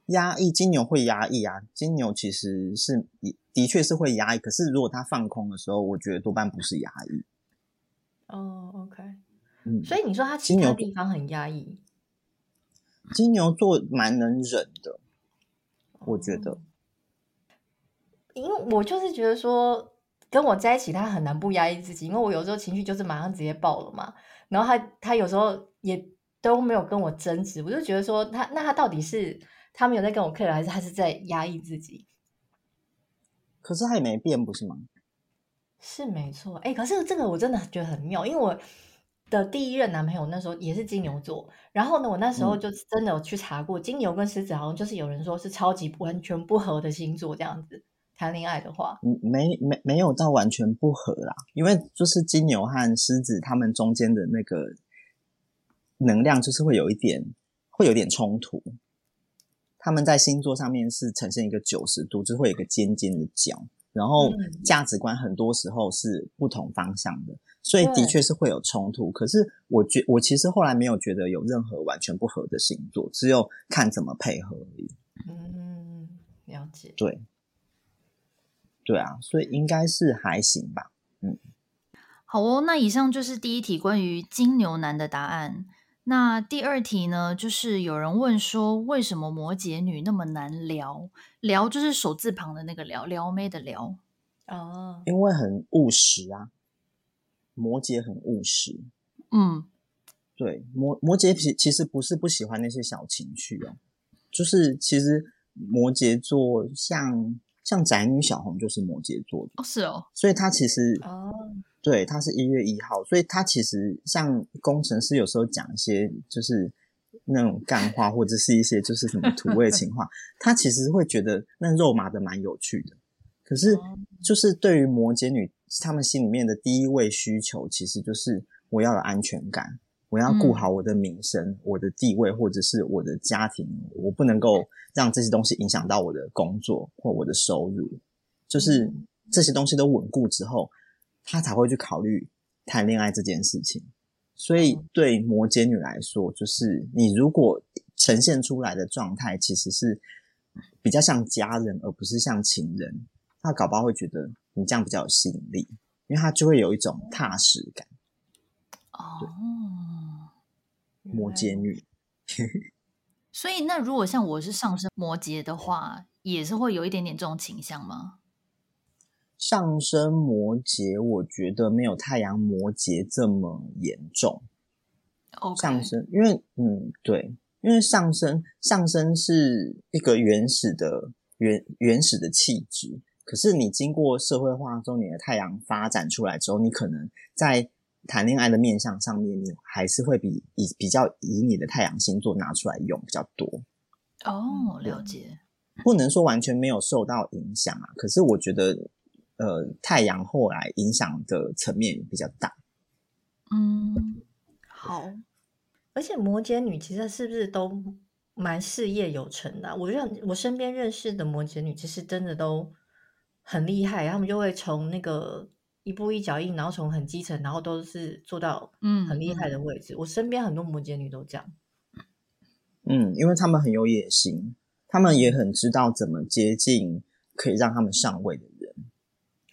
壓抑，金牛會壓抑啊，金牛其實是的確是會壓抑。可是如果他放空的時候，我覺得多半不是壓抑。哦，OK，嗯，所以你說他其他地方很壓抑，金牛座蠻能忍的，我覺得，嗯。因為我就是覺得說，跟我在一起他很難不壓抑自己，因為我有時候情緒就是馬上直接爆了嘛。然後他他有時候也都沒有跟我爭執，我就覺得說，他那他到底是他沒有在跟我客人，還是他是在壓抑自己？可是他也沒變，不是嗎？是沒錯，哎、欸，可是這個我真的覺得很妙，因為我的第一任男朋友那時候也是金牛座，然後呢，我那時候就真的有去查過，嗯、金牛跟獅子好像就是有人說是超級完全不合的星座這樣子。談戀愛的話，沒沒沒有到完全不合啦，因為就是金牛和獅子他們中間的那個能量，就是會有一點，會有一點衝突。他們在星座上面是呈現一個九十度，就會有一個尖尖的角，然後價值觀很多時候是不同方向的，所以的確是會有衝突。對可是我覺我其實後來沒有覺得有任何完全不合的星座，只有看怎麼配合而已。嗯，了解。對。對啊，所以應該是還行吧。嗯，好哦。那以上就是第一題關於金牛男的答案。那第二題呢，就是有人問說，為什麼摩羯女那麼難聊？聊就是手字旁的那個“聊”，聊，沒得聊”啊。哦。因為很務實啊，摩羯很務實。嗯，對摩摩羯其實不是不喜歡那些小情趣哦、啊，就是其實摩羯座像。像宅女小紅就是摩羯座的。哦，是哦，所以她其實哦，oh. 對，她是一月一號，所以她其實像工程師有時候講一些就是那種乾話 (laughs) 或者是一些就是什麼土味情話， (laughs) 她其實會覺得那肉麻的蠻有趣的，可是就是對於摩羯女，他們心裡面的第一位需求其實就是我要有安全感。我要顧好我的名聲、嗯、我的地位，或者是我的家庭，我不能夠讓這些東西影響到我的工作或我的收入。就是這些東西都穩固之後，他才會去考慮談戀愛這件事情。所以，對摩羯女來說，就是你如果呈現出來的狀態其實是比較像家人，而不是像情人，他搞不好會覺得你這樣比較有吸引力，因為他就會有一種踏實感。對哦。Okay. 摩羯女， (laughs) 所以那如果像我是上升摩羯的話，也是會有一點點這種傾向嗎？上升摩羯，我覺得沒有太陽摩羯這麼嚴重。Okay. 上升，因為嗯，對，因為上升上升是一個原始的原原始的氣質，可是你經過社會化中你的太陽發展出來之後，你可能在。談戀愛的面相上面，你還是會比以比較以你的太陽星座拿出來用比較多。哦，了解。不能說完全沒有受到影響啊，可是我覺得，呃，太陽後來影響的層面比較大。嗯，好。而且摩羯女其實是不是都蠻事業有成的啊？我認我身邊認識的摩羯女其實真的都很厲害，他們就會從那個。一步一腳印，然後從很基層，然後都是做到嗯很厲害的位置。嗯嗯、我身邊很多摩羯女都這樣，嗯，因為他們很有野心，他們也很知道怎麼接近可以讓他們上位的人。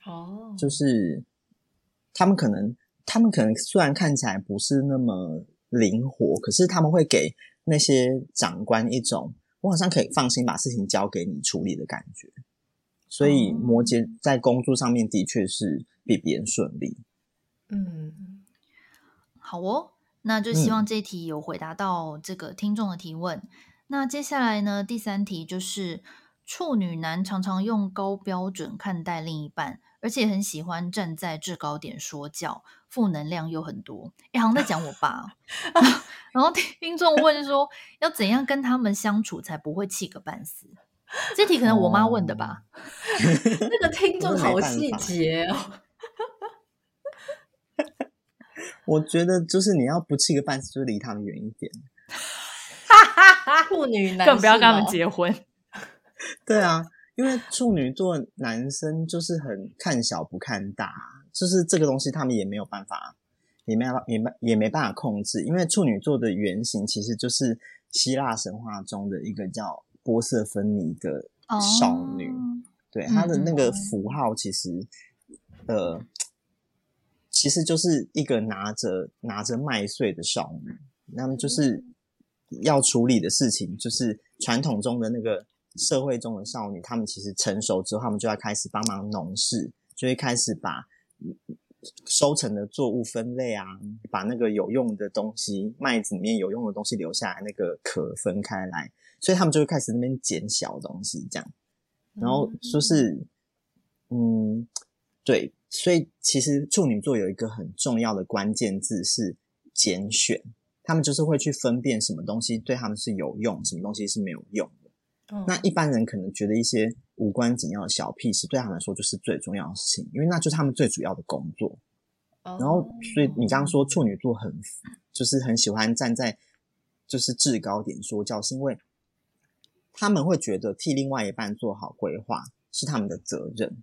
哦，就是他們可能，他們可能雖然看起來不是那麼靈活，可是他們會給那些長官一種我好像可以放心把事情交給你處理的感覺。所以摩羯在工作上面的確是比別人順利。嗯，好哦，那就希望這一題有回答到這個聽眾的提問。嗯、那接下來呢？第三題就是處女男常常用高標準看待另一半，而且很喜歡站在制高點說教，負能量又很多。一、欸、好像在講我爸。 (laughs) (laughs) 然後聽眾問說， (laughs) 要怎樣跟他們相處才不會氣個半死？這一題可能我媽問的吧？哦、 (laughs) (laughs) 那個聽眾好細節哦。 (laughs) (laughs) 我覺得就是你要不吃一個飯，就離他們遠一點。哈哈處女男更不要跟他們結婚。 (laughs) 結婚 (laughs) 對啊，因為處女座男生就是很看小不看大，就是這個東西他們也沒有辦法，也沒有辦法，也沒辦法控制。因為處女座的原型其實就是希臘神話中的一個叫波塞芬尼的少女，對，他的那個符號其實呃。其實就是一個拿着拿着麥穗的少女，那麼就是要處理的事情，就是傳統中的那個社會中的少女，她們其實成熟之後，她們就要開始幫忙農事，就會開始把收成的作物分類啊，把那個有用的東西，麥子裡面有用的東西留下來，那個殼分開來，所以他們就會開始那邊撿小東西這樣，然後說、就是嗯。嗯對，所以其實處女座有一個很重要的關鍵字是“揀選”，他們就是會去分辨什麼東西對他們是有用，什麼東西是沒有用的。哦、那一般人可能覺得一些無關緊要的小屁事對他們來說就是最重要的事情，因為那就是他們最主要的工作。哦、然後，所以你剛剛說處女座很就是很喜歡站在就是制高點說教，是因為他們會覺得替另外一半做好規劃是他們的責任。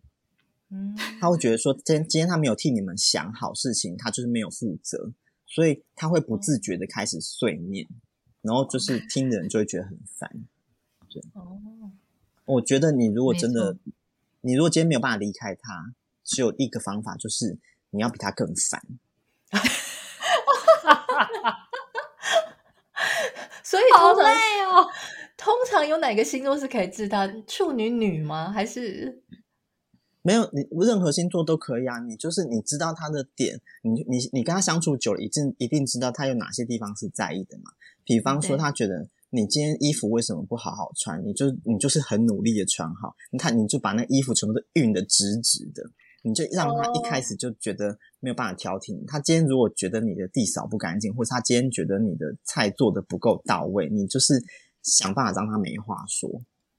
嗯，他會覺得說，今天他沒有替你們想好事情，他就是沒有負責，所以他會不自覺的開始碎念，然後就是聽的人就會覺得很煩。對哦，我覺得你如果真的，沒錯。你如果今天沒有辦法離開他，只有一個方法就是你要比他更煩。所以好累哦。通常有哪個星座是可以治他處女女嗎？還是？沒有，你任何星座都可以啊，你就是你知道他的點，你你你跟他相處久了，一定一定知道他有哪些地方是在意的嘛。比方說他覺得你今天衣服為什麼不好好穿，對你就你就是很努力的穿好，你看你就把那衣服全部都熨得直直的，你就讓他一開始就覺得沒有辦法挑剔你。Oh. 他今天如果覺得你的地掃不乾淨，或者他今天覺得你的菜做得不夠到位，你就是想辦法讓他沒話說，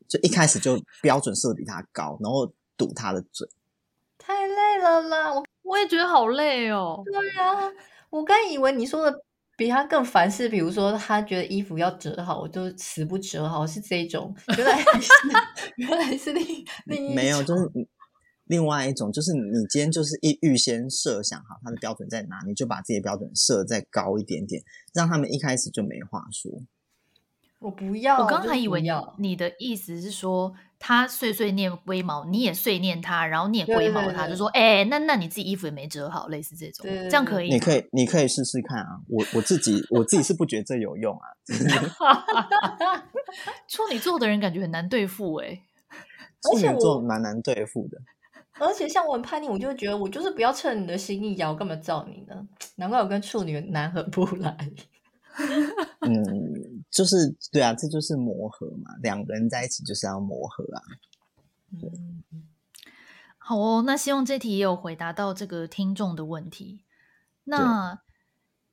就一開始就標準設比他高， (laughs) 然後。堵他的嘴，太累了啦！我我也覺得好累哦。對啊，我剛以為你說的比他更煩是，比如說他覺得衣服要折好，我就死不折好是這種。原來是 (laughs) 原來是另你另一種沒有，就是另外一種，就是你今天就是一預先設想好他的標準在哪，你就把自己的標準設再高一點點，讓他們一開始就沒話說。我不要，我剛還以為你的意思是說。他碎碎念龜毛，你也碎念他，然後你也龜毛他，對對對就說：“哎、欸，那那你自己衣服也沒折好，類似這種，對對對這樣可以？你可以你可以試試看啊。我我自己 (laughs) 我自己是不覺得這有用啊。處 (laughs) (laughs) 女座的人感覺很難對付哎、欸，處女座蠻難對付的。而且像我很叛逆，我就會覺得我就是不要趁你的心意要，我幹嘛照你呢？難怪我跟處女男合不來。 (laughs) 嗯。就是對啊，這就是磨合嘛，兩個人在一起就是要磨合啊。對，嗯、好哦，那希望這題也有回答到這個聽眾的問題。那對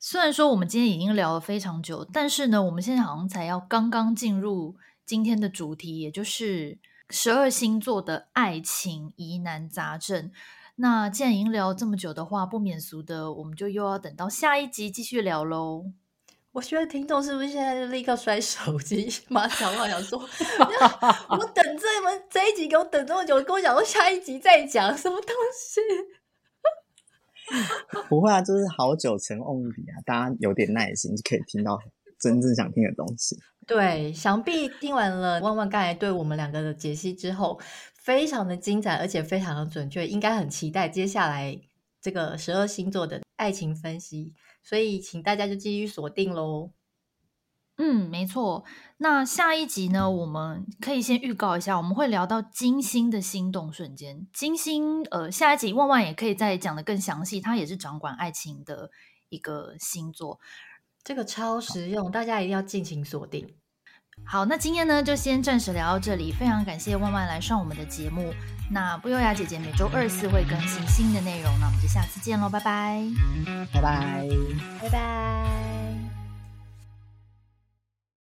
雖然說我們今天已經聊了非常久，但是呢，我們現在好像才要剛剛進入今天的主題，也就是十二星座的愛情疑難雜症。那既然已經聊了這麼久的話，不免俗的，我們就又要等到下一集繼續聊嘍。我覺得聽眾是不是現在就立刻摔手機？馬小萬想說，我等這這一集，給我等這麼久，跟我講說下一集再講什麼東西？不會啊，就是好酒沉甕底啊，大家有點耐心就可以聽到真正想聽的東西。對，想必聽完了萬萬剛才對我們兩個的解析之後，非常的精彩，而且非常的準確，應該很期待接下來這個十二星座的愛情分析。所以，請大家就繼續鎖定嘍。嗯，沒錯。那下一集呢，我們可以先預告一下，我們會聊到金星的心動瞬間。金星，呃，下一集萬萬也可以再講得更詳細。它也是掌管愛情的一個星座，這個超實用，好大家一定要盡情鎖定。好，那今天呢，就先暫時聊到這裡。非常感謝萬萬來上我們的節目。那不優雅姐姐每周二四會更新新的內容，那我們就下次見嘍，拜拜，拜拜，拜拜。拜拜